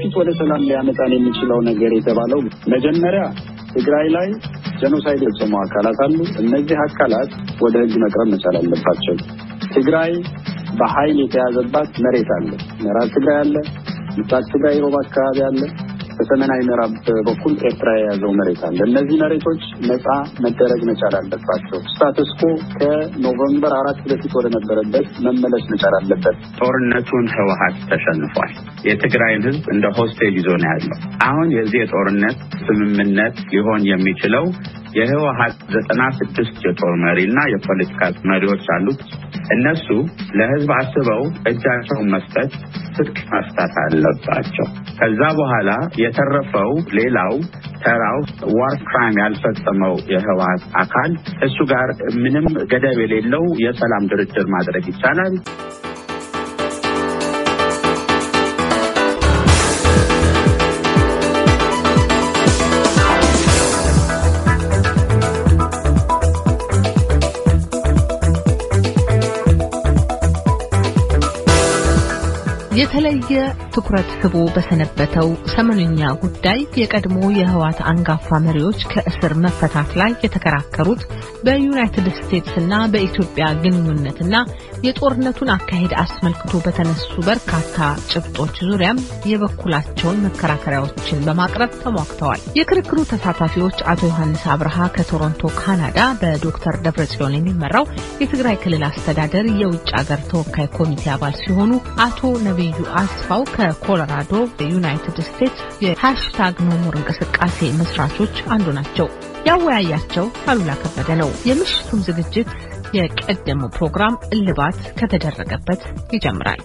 ወደፊት ወደ ሰላም ሊያመጣን የሚችለው ነገር የተባለው መጀመሪያ ትግራይ ላይ ጀኖሳይድ የፈጸሙ አካላት አሉ። እነዚህ አካላት ወደ ሕግ መቅረብ መቻል አለባቸው። ትግራይ በኃይል የተያዘባት መሬት አለ። ምዕራብ ትግራይ አለ፣ ምስራቅ ትግራይ፣ ሮብ አካባቢ አለ። በሰሜናዊ ምዕራብ በኩል ኤርትራ የያዘው መሬት አለ። እነዚህ መሬቶች ነፃ መደረግ መቻል አለባቸው። ስታተስኮ ከኖቨምበር አራት በፊት ወደነበረበት መመለስ መቻል አለበት። ጦርነቱን ህወሀት ተሸንፏል። የትግራይን ህዝብ እንደ ሆስቴል ይዞ ነው ያለው። አሁን የዚህ የጦርነት ስምምነት ሊሆን የሚችለው የህወሀት ዘጠና ስድስት የጦር መሪ እና የፖለቲካ መሪዎች አሉት። እነሱ ለህዝብ አስበው እጃቸውን መስጠት ስድቅ መፍታት አለባቸው። ከዛ በኋላ የተረፈው ሌላው ተራው ዋር ክራይም ያልፈጸመው የህወሀት አካል እሱ ጋር ምንም ገደብ የሌለው የሰላም ድርድር ማድረግ ይቻላል። የተለየ ትኩረት ስቦ በሰነበተው ሰሞንኛ ጉዳይ የቀድሞ የህዋት አንጋፋ መሪዎች ከእስር መፈታት ላይ የተከራከሩት በዩናይትድ ስቴትስ እና በኢትዮጵያ ግንኙነትና የጦርነቱን አካሄድ አስመልክቶ በተነሱ በርካታ ጭብጦች ዙሪያም የበኩላቸውን መከራከሪያዎችን በማቅረብ ተሟግተዋል። የክርክሩ ተሳታፊዎች አቶ ዮሐንስ አብርሃ ከቶሮንቶ ካናዳ፣ በዶክተር ደብረ ጽዮን የሚመራው የትግራይ ክልል አስተዳደር የውጭ አገር ተወካይ ኮሚቴ አባል ሲሆኑ አቶ ነቢይ ልዩ አስፋው ከኮሎራዶ በዩናይትድ ስቴትስ የሃሽታግ ኖሞር እንቅስቃሴ መስራቾች አንዱ ናቸው። ያወያያቸው አሉላ ከበደ ነው። የምሽቱም ዝግጅት የቀደሙ ፕሮግራም እልባት ከተደረገበት ይጀምራል።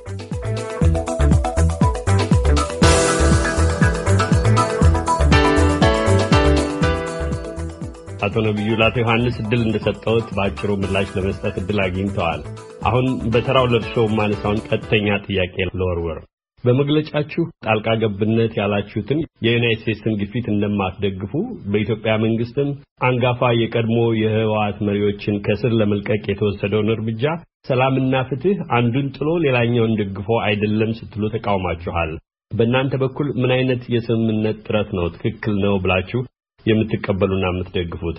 አቶ ነቢዩ ላቶ ዮሐንስ እድል እንደሰጠውት በአጭሩ ምላሽ ለመስጠት እድል አግኝተዋል። አሁን በተራው ለብሶ ማነሳውን ቀጥተኛ ጥያቄ ለወርወር በመግለጫችሁ ጣልቃ ገብነት ያላችሁትን የዩናይት ስቴትስን ግፊት እንደማትደግፉ በኢትዮጵያ መንግስትም አንጋፋ የቀድሞ የህወሓት መሪዎችን ከስር ለመልቀቅ የተወሰደውን እርምጃ ሰላምና ፍትህ አንዱን ጥሎ ሌላኛውን ደግፎ አይደለም ስትሉ ተቃውማችኋል። በእናንተ በኩል ምን አይነት የስምምነት ጥረት ነው ትክክል ነው ብላችሁ የምትቀበሉና የምትደግፉት?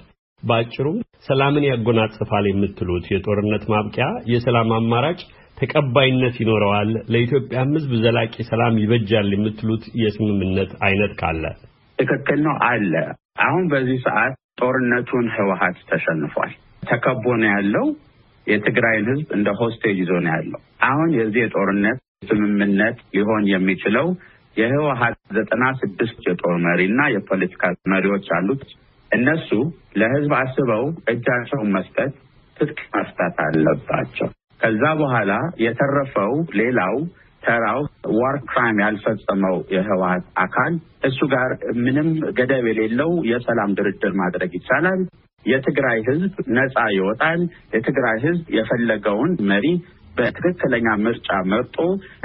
በአጭሩ ሰላምን ያጎናጽፋል የምትሉት የጦርነት ማብቂያ የሰላም አማራጭ ተቀባይነት ይኖረዋል፣ ለኢትዮጵያም ሕዝብ ዘላቂ ሰላም ይበጃል የምትሉት የስምምነት አይነት ካለ ትክክል ነው አለ። አሁን በዚህ ሰዓት ጦርነቱን ህወሀት ተሸንፏል። ተከቦ ነው ያለው። የትግራይን ህዝብ እንደ ሆስቴጅ ይዞ ነው ያለው። አሁን የዚህ የጦርነት ስምምነት ሊሆን የሚችለው የህወሀት ዘጠና ስድስት የጦር መሪ እና የፖለቲካ መሪዎች አሉት እነሱ ለህዝብ አስበው እጃቸውን መስጠት ትጥቅ መፍታት አለባቸው። ከዛ በኋላ የተረፈው ሌላው ተራው ዋር ክራይም ያልፈጸመው የህወሀት አካል እሱ ጋር ምንም ገደብ የሌለው የሰላም ድርድር ማድረግ ይቻላል። የትግራይ ህዝብ ነፃ ይወጣል። የትግራይ ህዝብ የፈለገውን መሪ በትክክለኛ ምርጫ መርጦ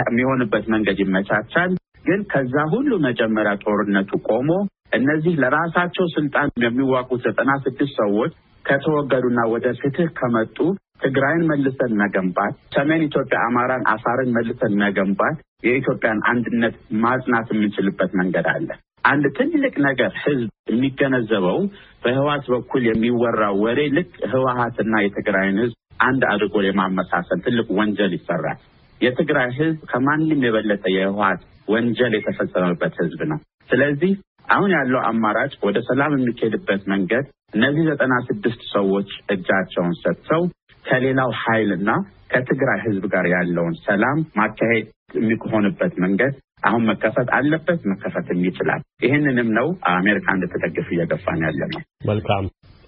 የሚሆንበት መንገድ ይመቻቻል። ግን ከዛ ሁሉ መጀመሪያ ጦርነቱ ቆሞ እነዚህ ለራሳቸው ስልጣን የሚዋጉት ዘጠና ስድስት ሰዎች ከተወገዱና ወደ ፍትህ ከመጡ ትግራይን መልሰን መገንባት፣ ሰሜን ኢትዮጵያ አማራን፣ አፋርን መልሰን መገንባት፣ የኢትዮጵያን አንድነት ማጽናት የምንችልበት መንገድ አለ። አንድ ትልቅ ነገር ህዝብ የሚገነዘበው በህወሓት በኩል የሚወራው ወሬ ልክ ህወሓትና የትግራይን ህዝብ አንድ አድርጎ የማመሳሰል ትልቅ ወንጀል ይሰራል። የትግራይ ህዝብ ከማንም የበለጠ የህወሓት ወንጀል የተፈጸመበት ህዝብ ነው። ስለዚህ አሁን ያለው አማራጭ ወደ ሰላም የሚካሄድበት መንገድ እነዚህ ዘጠና ስድስት ሰዎች እጃቸውን ሰጥተው ከሌላው ኃይልና ከትግራይ ህዝብ ጋር ያለውን ሰላም ማካሄድ የሚሆንበት መንገድ አሁን መከፈት አለበት፣ መከፈትም ይችላል። ይህንንም ነው አሜሪካ እንድትደግፍ እየገፋን ያለ ነው። መልካም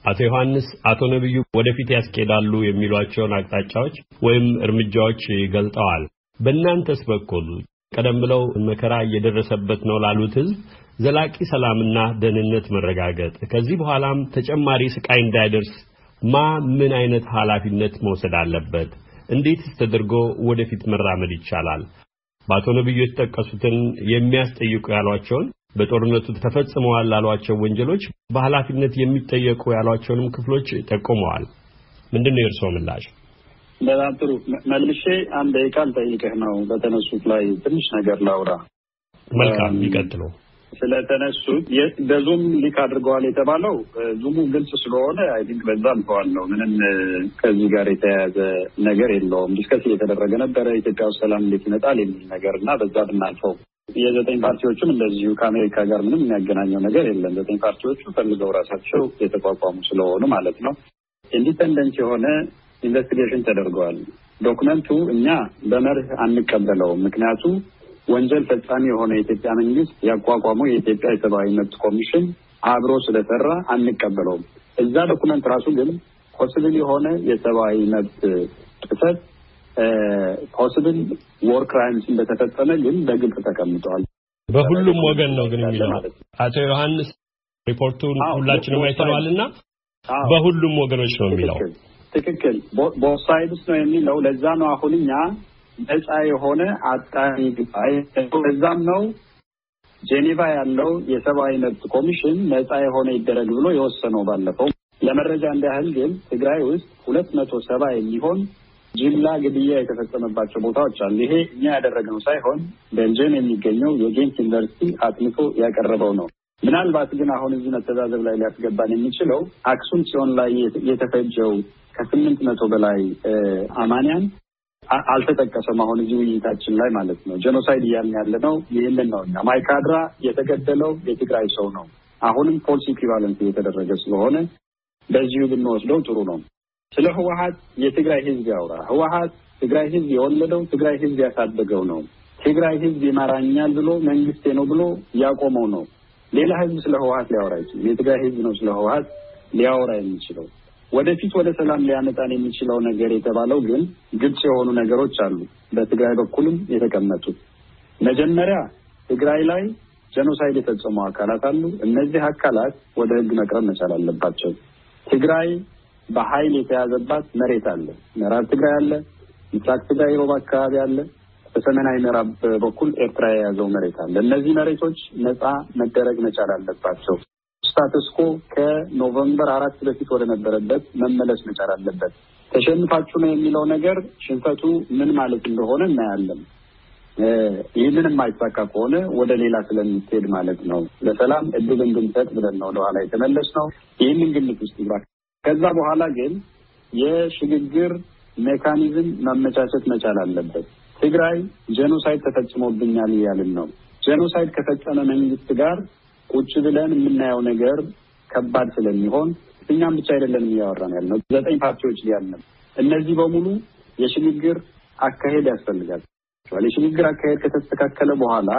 አቶ ዮሐንስ፣ አቶ ነቢዩ ወደፊት ያስኬዳሉ የሚሏቸውን አቅጣጫዎች ወይም እርምጃዎች ገልጠዋል። በእናንተስ በኩል ቀደም ብለው መከራ እየደረሰበት ነው ላሉት ህዝብ ዘላቂ ሰላምና ደህንነት መረጋገጥ ከዚህ በኋላም ተጨማሪ ስቃይ እንዳይደርስ ማ ምን አይነት ኃላፊነት መውሰድ አለበት? እንዴትስ ተደርጎ ወደፊት መራመድ ይቻላል? በአቶ ነብዩ የተጠቀሱትን የሚያስጠይቁ ያሏቸውን በጦርነቱ ተፈጽመዋል ላሏቸው ወንጀሎች በኃላፊነት የሚጠየቁ ያሏቸውንም ክፍሎች ጠቁመዋል። ምንድን ነው የእርስዎ ምላሽ? በጣም ጥሩ። መልሼ አንድ ደቂቃ ልጠይቅህ ነው። በተነሱት ላይ ትንሽ ነገር ላውራ። መልካም፣ ይቀጥሉ። ስለተነሱት በዙም ሊክ አድርገዋል የተባለው ዙሙ ግልጽ ስለሆነ አይ ቲንክ በዛ አልፈዋል ነው። ምንም ከዚህ ጋር የተያያዘ ነገር የለውም። ዲስከስ እየተደረገ ነበረ ኢትዮጵያ ውስጥ ሰላም እንዴት ይመጣል የሚል ነገር እና በዛ ብናልፈው የዘጠኝ ፓርቲዎቹም እንደዚሁ ከአሜሪካ ጋር ምንም የሚያገናኘው ነገር የለም። ዘጠኝ ፓርቲዎቹ ፈልገው ራሳቸው የተቋቋሙ ስለሆኑ ማለት ነው። ኢንዲፐንደንት የሆነ ኢንቨስቲጌሽን ተደርገዋል። ዶክመንቱ እኛ በመርህ አንቀበለውም። ምክንያቱ ወንጀል ፈጻሚ የሆነ የኢትዮጵያ መንግስት ያቋቋመው የኢትዮጵያ የሰብአዊ መብት ኮሚሽን አብሮ ስለሰራ አንቀበለውም። እዛ ዶኩመንት ራሱ ግን ፖስብል የሆነ የሰብአዊ መብት ጥሰት ፖስብል ዎር ክራይምስ እንደተፈጸመ ግን በግልጽ ተቀምጠዋል። በሁሉም ወገን ነው ግን የሚለው አቶ ዮሐንስ ሪፖርቱን ሁላችንም አይተነዋል በሁሉም ወገኖች ነው የሚለው። ትክክል ቦሳይድስ ነው የሚለው። ለዛ ነው አሁን እኛ ነጻ የሆነ አጣሪ ጉባኤ በዛም ነው ጄኔቫ ያለው የሰብአዊ መብት ኮሚሽን ነጻ የሆነ ይደረግ ብሎ የወሰነው። ባለፈው ለመረጃ እንዳያህል ግን ትግራይ ውስጥ ሁለት መቶ ሰባ የሚሆን ጅምላ ግድያ የተፈጸመባቸው ቦታዎች አሉ። ይሄ እኛ ያደረግነው ሳይሆን ቤልጅየም የሚገኘው የጌንት ዩኒቨርሲቲ አጥንቶ ያቀረበው ነው። ምናልባት ግን አሁን እዚህ መተዛዘብ ላይ ሊያስገባን የሚችለው አክሱም ጽዮን ላይ የተፈጀው ከስምንት መቶ በላይ አማንያን አልተጠቀሰም። አሁን እዚህ ውይይታችን ላይ ማለት ነው ጀኖሳይድ እያልን ያለ ነው። ይህንን ነው እኛ ማይካድራ የተገደለው የትግራይ ሰው ነው። አሁንም ፖሊሲ ኢኩቫለንት እየተደረገ ስለሆነ በዚሁ ብንወስደው ጥሩ ነው። ስለ ህወሀት የትግራይ ህዝብ ያውራ። ህወሀት ትግራይ ህዝብ የወለደው ትግራይ ህዝብ ያሳደገው ነው። ትግራይ ህዝብ ይመራኛል ብሎ መንግስቴ ነው ብሎ ያቆመው ነው። ሌላ ህዝብ ስለ ህወሀት ሊያወራ አይችልም። የትግራይ ህዝብ ነው ስለ ህወሀት ሊያወራ የሚችለው። ወደፊት ወደ ሰላም ሊያመጣን የሚችለው ነገር የተባለው ግን ግልጽ የሆኑ ነገሮች አሉ። በትግራይ በኩልም የተቀመጡ መጀመሪያ ትግራይ ላይ ጀኖሳይድ የፈጸሙ አካላት አሉ። እነዚህ አካላት ወደ ህግ መቅረብ መቻል አለባቸው። ትግራይ በኃይል የተያዘባት መሬት አለ። ምዕራብ ትግራይ አለ፣ ምስራቅ ትግራይ ሮብ አካባቢ አለ፣ በሰሜናዊ ምዕራብ በኩል ኤርትራ የያዘው መሬት አለ። እነዚህ መሬቶች ነፃ መደረግ መቻል አለባቸው። ስታተስኮ ከኖቨምበር አራት በፊት ወደነበረበት መመለስ መቻል አለበት። ተሸንፋችሁ ነው የሚለው ነገር ሽንፈቱ ምን ማለት እንደሆነ እናያለን። ይህንን የማይሳካ ከሆነ ወደ ሌላ ስለምትሄድ ማለት ነው። ለሰላም እድል እንድንሰጥ ብለን ነው ወደኋላ የተመለስ ነው። ይህንን ግምት ውስጥ ይግባ። ከዛ በኋላ ግን የሽግግር ሜካኒዝም ማመቻቸት መቻል አለበት። ትግራይ ጄኖሳይድ ተፈጽሞብኛል እያልን ነው። ጄኖሳይድ ከፈጸመ መንግስት ጋር ቁጭ ብለን የምናየው ነገር ከባድ ስለሚሆን እኛም ብቻ አይደለንም እያወራን ያልነው ዘጠኝ ፓርቲዎች ሊያልነ እነዚህ በሙሉ የሽግግር አካሄድ ያስፈልጋል። የሽግግር አካሄድ ከተስተካከለ በኋላ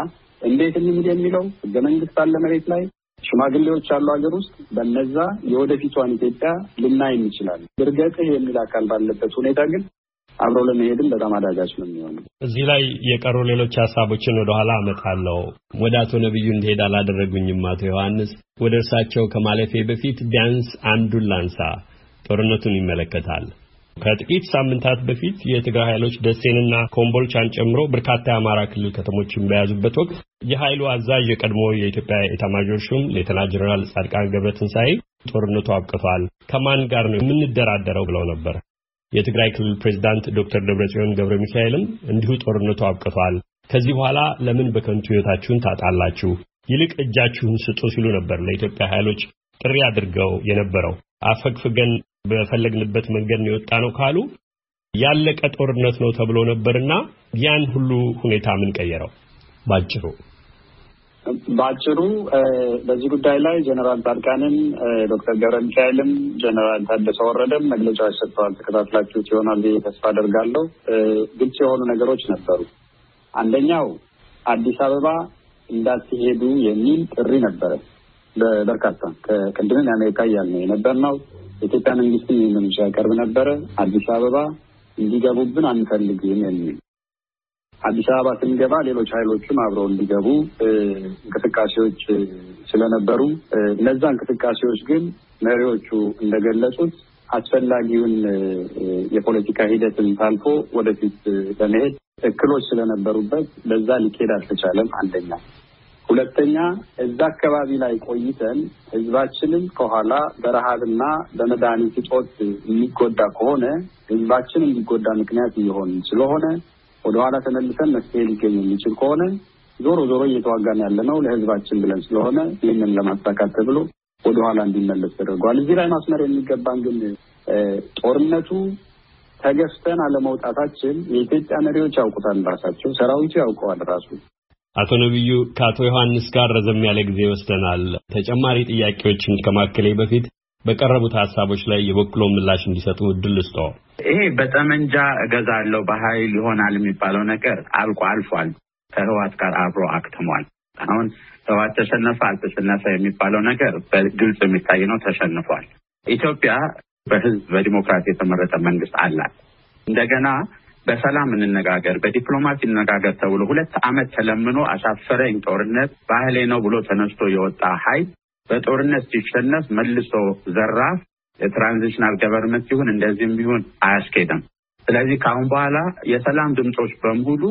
እንዴት እንሂድ የሚለው ህገ መንግስት አለ መሬት ላይ ሽማግሌዎች አሉ ሀገር ውስጥ በነዛ የወደፊቷን ኢትዮጵያ ልናይ እንችላለን። እርገጥህ የሚል አካል ባለበት ሁኔታ ግን አብሮ ለመሄድም በጣም አዳጋች ነው የሚሆነው። እዚህ ላይ የቀሩ ሌሎች ሀሳቦችን ወደኋላ አመጣለሁ። ወደ አቶ ነቢዩ እንደሄድ አላደረጉኝም። አቶ ዮሐንስ ወደ እርሳቸው ከማለፌ በፊት ቢያንስ አንዱን ላንሳ። ጦርነቱን ይመለከታል። ከጥቂት ሳምንታት በፊት የትግራይ ኃይሎች ደሴንና ኮምቦልቻን ጨምሮ በርካታ የአማራ ክልል ከተሞችን በያዙበት ወቅት የኃይሉ አዛዥ የቀድሞ የኢትዮጵያ ኤታማዦር ሹም ሌተና ጀኔራል ጻድቃን ገብረትንሳኤ ጦርነቱ አብቅቷል፣ ከማን ጋር ነው የምንደራደረው ብለው ነበር። የትግራይ ክልል ፕሬዚዳንት ዶክተር ደብረጽዮን ገብረ ሚካኤልም እንዲሁ ጦርነቱ አብቅቷል፣ ከዚህ በኋላ ለምን በከንቱ ህይወታችሁን ታጣላችሁ? ይልቅ እጃችሁን ስጡ ሲሉ ነበር ለኢትዮጵያ ኃይሎች ጥሪ አድርገው የነበረው። አፈግፍገን በፈለግንበት መንገድ ነው የወጣ ነው ካሉ ያለቀ ጦርነት ነው ተብሎ ነበርና ያን ሁሉ ሁኔታ ምን ቀየረው ባጭሩ? በአጭሩ በዚህ ጉዳይ ላይ ጀነራል ጻድቃንም ዶክተር ገብረ ሚካኤልም ጀነራል ታደሰ ወረደም መግለጫዎች ሰጥተዋል። ተከታትላችሁት ይሆናል ተስፋ አደርጋለሁ። ግልጽ የሆኑ ነገሮች ነበሩ። አንደኛው አዲስ አበባ እንዳትሄዱ የሚል ጥሪ ነበረ። በርካታ ከቅድምም የአሜሪካ እያልን የነበር ነው። የኢትዮጵያ መንግስትም ይህንን ሲያቀርብ ነበረ። አዲስ አበባ እንዲገቡብን አንፈልግም የሚል አዲስ አበባ ስንገባ ሌሎች ኃይሎችም አብረው እንዲገቡ እንቅስቃሴዎች ስለነበሩ እነዛ እንቅስቃሴዎች ግን መሪዎቹ እንደገለጹት አስፈላጊውን የፖለቲካ ሂደትን ታልፎ ወደፊት ለመሄድ እክሎች ስለነበሩበት በዛ ሊኬድ አልተቻለም። አንደኛ። ሁለተኛ እዛ አካባቢ ላይ ቆይተን ህዝባችንም ከኋላ በረሃብና በመድኃኒት እጦት የሚጎዳ ከሆነ ህዝባችን እንዲጎዳ ምክንያት እየሆን ስለሆነ ወደኋላ ተመልሰን መፍትሄ ሊገኝ የሚችል ከሆነ ዞሮ ዞሮ እየተዋጋን ያለ ነው ለህዝባችን ብለን ስለሆነ ይህንን ለማሳካት ተብሎ ወደኋላ እንዲመለስ ተደርጓል። እዚህ ላይ ማስመር የሚገባን ግን ጦርነቱ ተገፍተን አለመውጣታችን የኢትዮጵያ መሪዎች ያውቁታል፣ ራሳቸው ሰራዊቱ ያውቀዋል ራሱ። አቶ ነቢዩ ከአቶ ዮሐንስ ጋር ረዘም ያለ ጊዜ ወስደናል። ተጨማሪ ጥያቄዎችን ከማከሌ በፊት በቀረቡት ሀሳቦች ላይ የበኩሎ ምላሽ እንዲሰጡ እድል ስጦ ይሄ በጠመንጃ እገዛለሁ በኃይል ይሆናል የሚባለው ነገር አልቆ አልፏል። ከህዋት ጋር አብሮ አክትሟል። አሁን ህዋት ተሸነፈ አልተሸነፈ የሚባለው ነገር በግልጽ የሚታይ ነው። ተሸንፏል። ኢትዮጵያ በህዝብ በዲሞክራሲ የተመረጠ መንግስት አላት። እንደገና በሰላም እንነጋገር፣ በዲፕሎማሲ እንነጋገር ተብሎ ሁለት ዓመት ተለምኖ አሻፈረኝ ጦርነት ባህሌ ነው ብሎ ተነስቶ የወጣ ሀይል በጦርነት ሲሸነፍ መልሶ ዘራፍ የትራንዚሽናል ገቨርንመንት ሲሆን እንደዚህም ይሁን አያስኬድም። ስለዚህ ከአሁን በኋላ የሰላም ድምፆች በሙሉ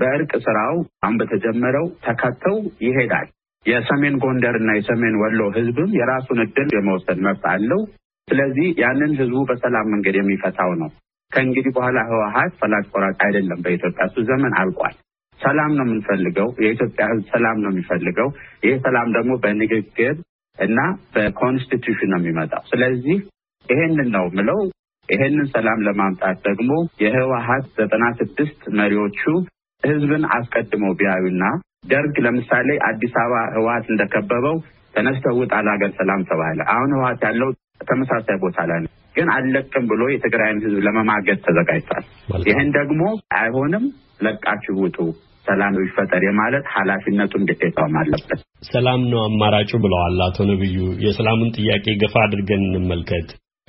በእርቅ ስራው አሁን በተጀመረው ተከተው ይሄዳል። የሰሜን ጎንደር እና የሰሜን ወሎ ህዝብም የራሱን እድል የመወሰድ መብት አለው። ስለዚህ ያንን ህዝቡ በሰላም መንገድ የሚፈታው ነው። ከእንግዲህ በኋላ ህወሀት ፈላጭ ቆራጭ አይደለም። በኢትዮጵያ እሱ ዘመን አልቋል። ሰላም ነው የምንፈልገው። የኢትዮጵያ ህዝብ ሰላም ነው የሚፈልገው። ይህ ሰላም ደግሞ በንግግር እና በኮንስቲቱሽን ነው የሚመጣው። ስለዚህ ይሄንን ነው ምለው። ይሄንን ሰላም ለማምጣት ደግሞ የህወሀት ዘጠና ስድስት መሪዎቹ ህዝብን አስቀድመው ቢያዩና ደርግ ለምሳሌ አዲስ አበባ ህወሀት እንደከበበው ተነስተው ውጣ ለሀገር ሰላም ተባለ። አሁን ህወሀት ያለው ተመሳሳይ ቦታ ላይ ነው፣ ግን አልለቅም ብሎ የትግራይን ህዝብ ለመማገድ ተዘጋጅቷል። ይህን ደግሞ አይሆንም፣ ለቃችሁ ውጡ ሰላም ይፈጠር የማለት ኃላፊነቱን ግዴታውም አለበት። ሰላም ነው አማራጩ ብለዋል አቶ ነብዩ። የሰላሙን ጥያቄ ገፋ አድርገን እንመልከት።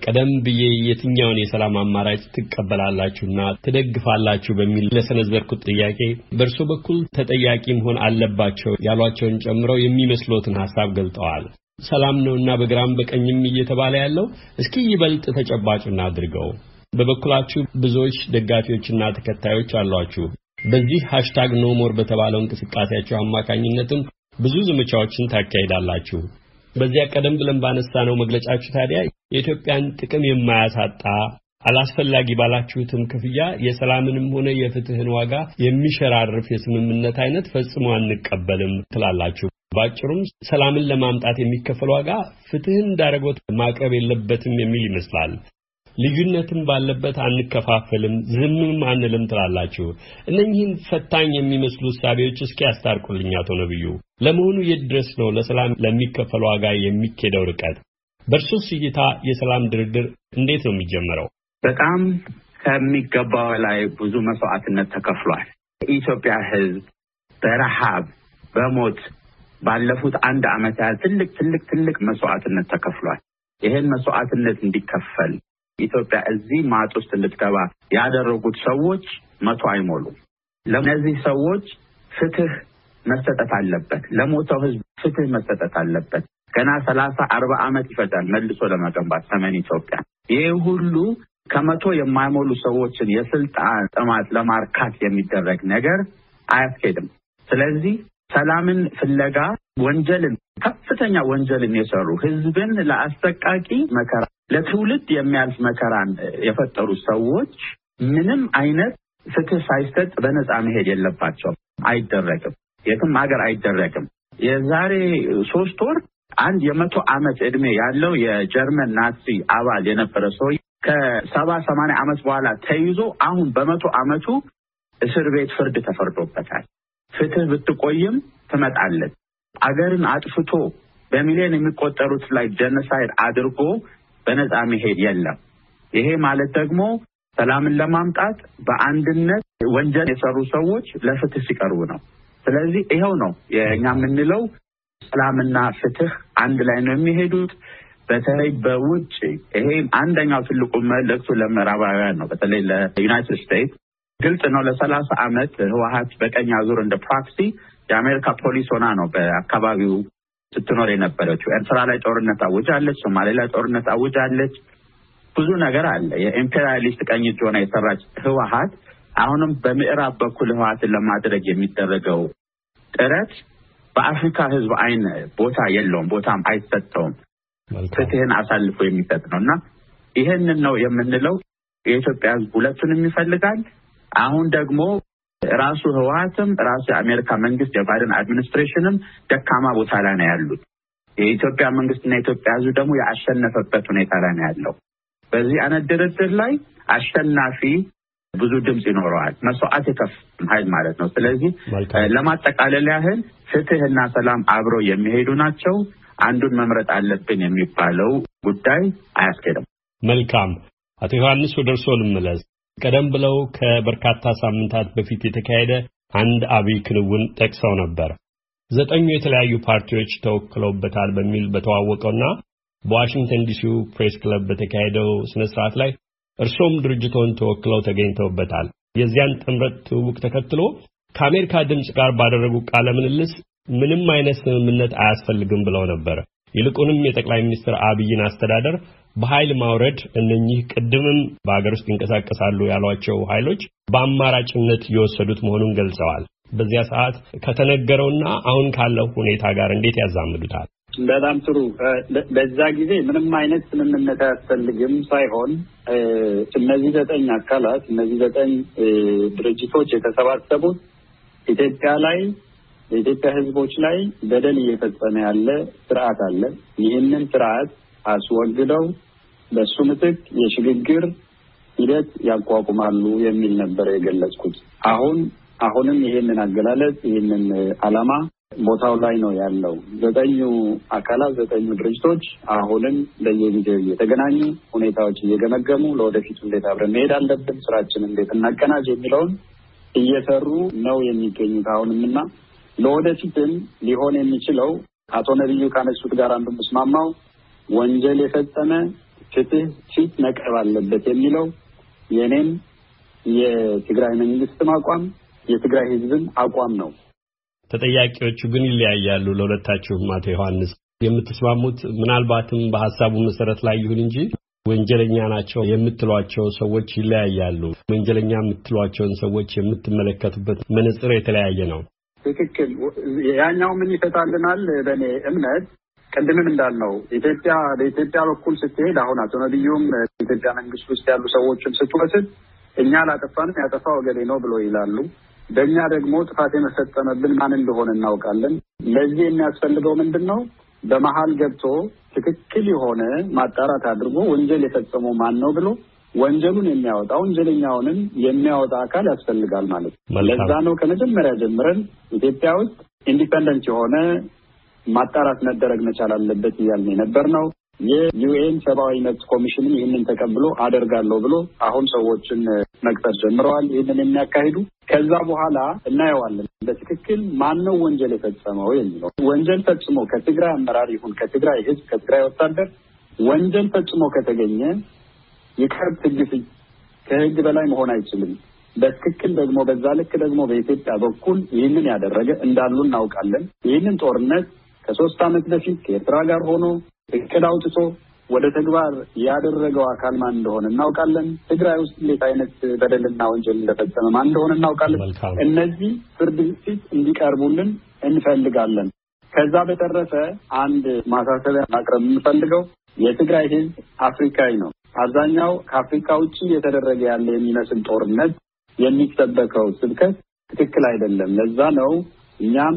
ቀደም ብዬ የትኛውን የሰላም አማራጭ ትቀበላላችሁና ትደግፋላችሁ በሚል ለሰነዘርኩት ጥያቄ በእርሶ በኩል ተጠያቂ መሆን አለባቸው ያሏቸውን ጨምረው የሚመስሎትን ሀሳብ ገልጠዋል። ሰላም ነውና በግራም በቀኝም እየተባለ ያለው እስኪ ይበልጥ ተጨባጭና አድርገው። በበኩላችሁ ብዙዎች ደጋፊዎችና ተከታዮች አሏችሁ። በዚህ ሃሽታግ ኖሞር በተባለው እንቅስቃሴያቸው አማካኝነትም ብዙ ዘመቻዎችን ታካሂዳላችሁ። በዚያ ቀደም ብለን ባነሳ ነው መግለጫችሁ ታዲያ የኢትዮጵያን ጥቅም የማያሳጣ አላስፈላጊ ባላችሁትም ክፍያ የሰላምንም ሆነ የፍትህን ዋጋ የሚሸራርፍ የስምምነት አይነት ፈጽሞ አንቀበልም ትላላችሁ። ባጭሩም ሰላምን ለማምጣት የሚከፈል ዋጋ ፍትህን ዳረጎት ማቅረብ የለበትም የሚል ይመስላል። ልዩነትን ባለበት አንከፋፈልም፣ ዝምም አንልም ትላላችሁ። እነኚህን ፈታኝ የሚመስሉ እሳቤዎች እስኪ ያስታርቁልኝ አቶ ነብዩ። ለመሆኑ የት ድረስ ነው ለሰላም ለሚከፈል ዋጋ የሚኬደው ርቀት? በእርሱስ እይታ የሰላም ድርድር እንዴት ነው የሚጀመረው? በጣም ከሚገባው ላይ ብዙ መስዋዕትነት ተከፍሏል። የኢትዮጵያ ሕዝብ በረሃብ በሞት ባለፉት አንድ ዓመት ያህል ትልቅ ትልቅ ትልቅ መስዋዕትነት ተከፍሏል። ይህን መስዋዕትነት እንዲከፈል ኢትዮጵያ እዚህ ማጥ ውስጥ እንድትገባ ያደረጉት ሰዎች መቶ አይሞሉም። ለእነዚህ ሰዎች ፍትህ መሰጠት አለበት። ለሞተው ህዝብ ፍትህ መሰጠት አለበት። ገና ሰላሳ አርባ ዓመት ይፈጃል መልሶ ለመገንባት ሰሜን ኢትዮጵያ። ይህ ሁሉ ከመቶ የማይሞሉ ሰዎችን የስልጣን ጥማት ለማርካት የሚደረግ ነገር አያስኬድም። ስለዚህ ሰላምን ፍለጋ ወንጀልን ከፍተኛ ወንጀልን የሰሩ ህዝብን ለአሰቃቂ መከራ ለትውልድ የሚያልፍ መከራን የፈጠሩ ሰዎች ምንም አይነት ፍትህ ሳይሰጥ በነፃ መሄድ የለባቸውም። አይደረግም። የትም ሀገር አይደረግም። የዛሬ ሶስት ወር አንድ የመቶ አመት እድሜ ያለው የጀርመን ናዚ አባል የነበረ ሰው ከሰባ ሰማኒያ ዓመት በኋላ ተይዞ አሁን በመቶ አመቱ እስር ቤት ፍርድ ተፈርዶበታል። ፍትህ ብትቆይም ትመጣለች። አገርን አጥፍቶ በሚሊዮን የሚቆጠሩት ላይ ጀነሳይድ አድርጎ በነፃ መሄድ የለም። ይሄ ማለት ደግሞ ሰላምን ለማምጣት በአንድነት ወንጀል የሰሩ ሰዎች ለፍትህ ሲቀርቡ ነው። ስለዚህ ይኸው ነው የእኛ የምንለው ሰላምና ፍትህ አንድ ላይ ነው የሚሄዱት። በተለይ በውጭ ይሄ አንደኛው ትልቁ መልእክቱ ለምዕራባውያን ነው። በተለይ ለዩናይትድ ስቴትስ ግልጽ ነው። ለሰላሳ አመት ህወሀት በቀኝ አዙር እንደ ፕራክሲ የአሜሪካ ፖሊስ ሆና ነው በአካባቢው ስትኖር የነበረችው። ኤርትራ ላይ ጦርነት አውጃለች፣ ሶማሌ ላይ ጦርነት አውጃለች። ብዙ ነገር አለ። የኢምፔሪያሊስት ቀኝ እጅ ሆና የሰራች ህወሀት አሁንም በምዕራብ በኩል ህወሀትን ለማድረግ የሚደረገው ጥረት በአፍሪካ ህዝብ አይን ቦታ የለውም፣ ቦታም አይሰጠውም። ፍትህን አሳልፎ የሚሰጥ ነው እና ይህንን ነው የምንለው። የኢትዮጵያ ህዝብ ሁለቱንም ይፈልጋል። አሁን ደግሞ ራሱ ህወሀትም ራሱ የአሜሪካ መንግስት የባይደን አድሚኒስትሬሽንም ደካማ ቦታ ላይ ነው ያሉት። የኢትዮጵያ መንግስትና የኢትዮጵያ ህዝብ ደግሞ ያሸነፈበት ሁኔታ ላይ ነው ያለው። በዚህ አይነት ድርድር ላይ አሸናፊ ብዙ ድምፅ ይኖረዋል። መስዋዕት የከፍ ሀይል ማለት ነው። ስለዚህ ለማጠቃለል ያህል ፍትህና ሰላም አብረው የሚሄዱ ናቸው። አንዱን መምረጥ አለብን የሚባለው ጉዳይ አያስኬድም። መልካም አቶ ዮሐንስ ወደ እርስዎ ልመለስ። ቀደም ብለው ከበርካታ ሳምንታት በፊት የተካሄደ አንድ አብይ ክንውን ጠቅሰው ነበር። ዘጠኙ የተለያዩ ፓርቲዎች ተወክለውበታል በሚል በተዋወቀውና በዋሽንግተን ዲሲው ፕሬስ ክለብ በተካሄደው ስነ ስርዓት ላይ እርሶም ድርጅቶን ተወክለው ተገኝተውበታል። የዚያን ጥምረት ትውውቅ ተከትሎ ከአሜሪካ ድምፅ ጋር ባደረጉ ቃለ ምልልስ ምንም አይነት ስምምነት አያስፈልግም ብለው ነበር። ይልቁንም የጠቅላይ ሚኒስትር አብይን አስተዳደር በኃይል ማውረድ እነኚህ ቅድምም በሀገር ውስጥ ይንቀሳቀሳሉ ያሏቸው ኃይሎች በአማራጭነት የወሰዱት መሆኑን ገልጸዋል። በዚያ ሰዓት ከተነገረውና አሁን ካለው ሁኔታ ጋር እንዴት ያዛምዱታል? በጣም ጥሩ። በዛ ጊዜ ምንም አይነት ስምምነት አያስፈልግም ሳይሆን እነዚህ ዘጠኝ አካላት እነዚህ ዘጠኝ ድርጅቶች የተሰባሰቡት ኢትዮጵያ ላይ በኢትዮጵያ ሕዝቦች ላይ በደል እየፈጸመ ያለ ስርዓት አለ። ይህንን ስርዓት አስወግደው በሱ ምትክ የሽግግር ሂደት ያቋቁማሉ የሚል ነበር የገለጽኩት። አሁን አሁንም ይህንን አገላለጽ ይህንን አላማ ቦታው ላይ ነው ያለው። ዘጠኙ አካላት ዘጠኙ ድርጅቶች አሁንም በየጊዜው እየተገናኙ ሁኔታዎች እየገመገሙ ለወደፊቱ እንዴት አብረን መሄድ አለብን፣ ስራችን እንዴት እናቀናጅ የሚለውን እየሰሩ ነው የሚገኙት አሁንም እና ለወደፊትም ሊሆን የሚችለው አቶ ነቢዩ ካነሱት ጋር አንዱ ምስማማው ወንጀል የፈጸመ ፍትህ ፊት መቅረብ አለበት የሚለው የእኔም የትግራይ መንግስትም አቋም የትግራይ ህዝብም አቋም ነው። ተጠያቂዎቹ ግን ይለያያሉ። ለሁለታችሁም አቶ ዮሐንስ የምትስማሙት ምናልባትም በሀሳቡ መሰረት ላይ ይሁን እንጂ ወንጀለኛ ናቸው የምትሏቸው ሰዎች ይለያያሉ። ወንጀለኛ የምትሏቸውን ሰዎች የምትመለከቱበት መነጽር የተለያየ ነው። ትክክል። ያኛው ምን ይፈታልናል? በእኔ እምነት ቅድምም እንዳልነው ኢትዮጵያ በኢትዮጵያ በኩል ስትሄድ አሁን አቶ ነቢዩም ኢትዮጵያ መንግስት ውስጥ ያሉ ሰዎችም ስትወስድ እኛ አላጠፋንም ያጠፋ ወገሌ ነው ብሎ ይላሉ። በእኛ ደግሞ ጥፋት የመፈጸመብን ማን እንደሆነ እናውቃለን። ለዚህ የሚያስፈልገው ምንድን ነው? በመሀል ገብቶ ትክክል የሆነ ማጣራት አድርጎ ወንጀል የፈጸመው ማን ነው ብሎ ወንጀሉን የሚያወጣ ወንጀለኛውንም የሚያወጣ አካል ያስፈልጋል ማለት ነው። ለዛ ነው ከመጀመሪያ ጀምረን ኢትዮጵያ ውስጥ ኢንዲፐንደንት የሆነ ማጣራት መደረግ መቻል አለበት እያልን የነበር ነው። የዩኤን ሰብአዊ መብት ኮሚሽንም ይህንን ተቀብሎ አደርጋለሁ ብሎ አሁን ሰዎችን መቅጠር ጀምረዋል፣ ይህንን የሚያካሂዱ ከዛ በኋላ እናየዋለን በትክክል ማነው ወንጀል የፈጸመው የሚለው ወንጀል ፈጽሞ ከትግራይ አመራር ይሁን ከትግራይ ህዝብ ከትግራይ ወታደር ወንጀል ፈጽሞ ከተገኘ ይቅርብ ትግስኝ ከህግ በላይ መሆን አይችልም። በትክክል ደግሞ በዛ ልክ ደግሞ በኢትዮጵያ በኩል ይህንን ያደረገ እንዳሉ እናውቃለን። ይህንን ጦርነት ከሶስት ዓመት በፊት ከኤርትራ ጋር ሆኖ እቅድ አውጥቶ ወደ ተግባር ያደረገው አካል ማን እንደሆነ እናውቃለን። ትግራይ ውስጥ እንዴት አይነት በደልና ወንጀል እንደፈጸመ ማን እንደሆነ እናውቃለን። እነዚህ ፍርድ ፊት እንዲቀርቡልን እንፈልጋለን። ከዛ በተረፈ አንድ ማሳሰቢያ ማቅረብ የምንፈልገው የትግራይ ህዝብ አፍሪካዊ ነው። አብዛኛው ከአፍሪካ ውጭ እየተደረገ ያለ የሚመስል ጦርነት የሚሰበከው ስብከት ትክክል አይደለም። ለዛ ነው እኛም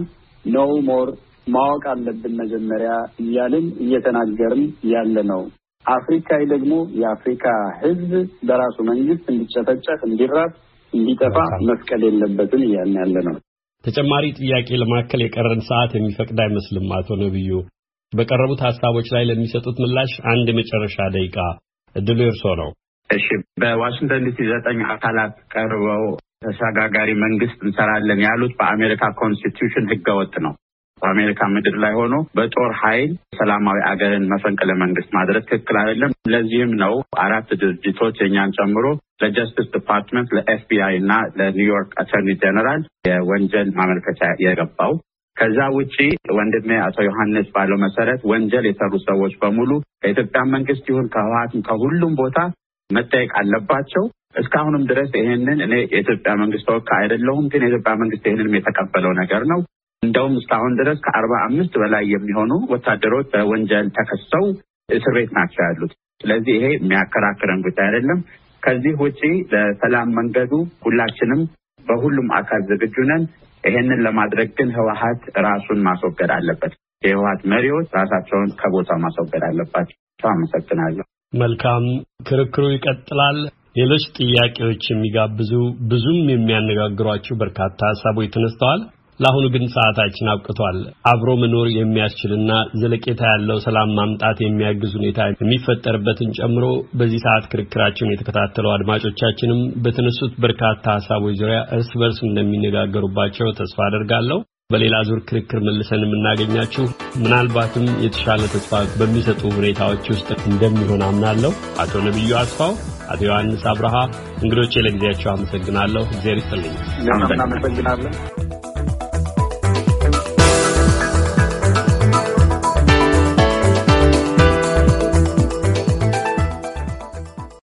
ኖ ሞር ማወቅ አለብን መጀመሪያ እያልን እየተናገርን ያለ ነው። አፍሪካዊ ደግሞ የአፍሪካ ሕዝብ በራሱ መንግስት እንዲጨፈጨፍ፣ እንዲራብ፣ እንዲጠፋ መፍቀድ የለበትም እያልን ያለ ነው። ተጨማሪ ጥያቄ ለማከል የቀረን ሰዓት የሚፈቅድ አይመስልም። አቶ ነብዩ በቀረቡት ሀሳቦች ላይ ለሚሰጡት ምላሽ አንድ የመጨረሻ ደቂቃ እድሉ እርሶ ነው። እሺ፣ በዋሽንግተን ዲሲ ዘጠኝ አካላት ቀርበው ተሸጋጋሪ መንግስት እንሰራለን ያሉት በአሜሪካ ኮንስቲትዩሽን ህገወጥ ነው። በአሜሪካ ምድር ላይ ሆኖ በጦር ኃይል ሰላማዊ አገርን መፈንቅለ መንግስት ማድረግ ትክክል አይደለም። ለዚህም ነው አራት ድርጅቶች የእኛን ጨምሮ ለጀስቲስ ዲፓርትመንት፣ ለኤፍቢአይ እና ለኒውዮርክ አተርኒ ጀነራል የወንጀል ማመልከቻ የገባው። ከዛ ውጪ ወንድሜ አቶ ዮሐንስ ባለው መሰረት ወንጀል የሰሩ ሰዎች በሙሉ ከኢትዮጵያ መንግስት ይሁን ከህወሓትም ከሁሉም ቦታ መጠየቅ አለባቸው። እስካሁንም ድረስ ይሄንን እኔ የኢትዮጵያ መንግስት ተወካይ አይደለሁም፣ ግን የኢትዮጵያ መንግስት ይህንንም የተቀበለው ነገር ነው። እንደውም እስካሁን ድረስ ከአርባ አምስት በላይ የሚሆኑ ወታደሮች በወንጀል ተከሰው እስር ቤት ናቸው ያሉት። ስለዚህ ይሄ የሚያከራክረን ጉዳይ አይደለም። ከዚህ ውጪ ለሰላም መንገዱ ሁላችንም በሁሉም አካል ዝግጁ ነን። ይህንን ለማድረግ ግን ህወሀት ራሱን ማስወገድ አለበት። የህወሀት መሪዎች ራሳቸውን ከቦታ ማስወገድ አለባቸው። አመሰግናለሁ። መልካም ክርክሩ ይቀጥላል። ሌሎች ጥያቄዎች የሚጋብዙ ብዙም የሚያነጋግሯችሁ በርካታ ሀሳቦች ተነስተዋል። ለአሁኑ ግን ሰዓታችን አብቅቷል። አብሮ መኖር የሚያስችልና ዘለቄታ ያለው ሰላም ማምጣት የሚያግዝ ሁኔታ የሚፈጠርበትን ጨምሮ በዚህ ሰዓት ክርክራችን የተከታተሉ አድማጮቻችንም በተነሱት በርካታ ሀሳቦች ዙሪያ እርስ በርስ እንደሚነጋገሩባቸው ተስፋ አደርጋለሁ። በሌላ ዙር ክርክር መልሰን የምናገኛችሁ ምናልባትም የተሻለ ተስፋ በሚሰጡ ሁኔታዎች ውስጥ እንደሚሆን አምናለሁ። አቶ ነቢዩ አስፋው፣ አቶ ዮሐንስ አብርሃ እንግዶቼ ለጊዜያቸው አመሰግናለሁ። እግዚአብሔር ይስጥልኝ። እናመሰግናለን።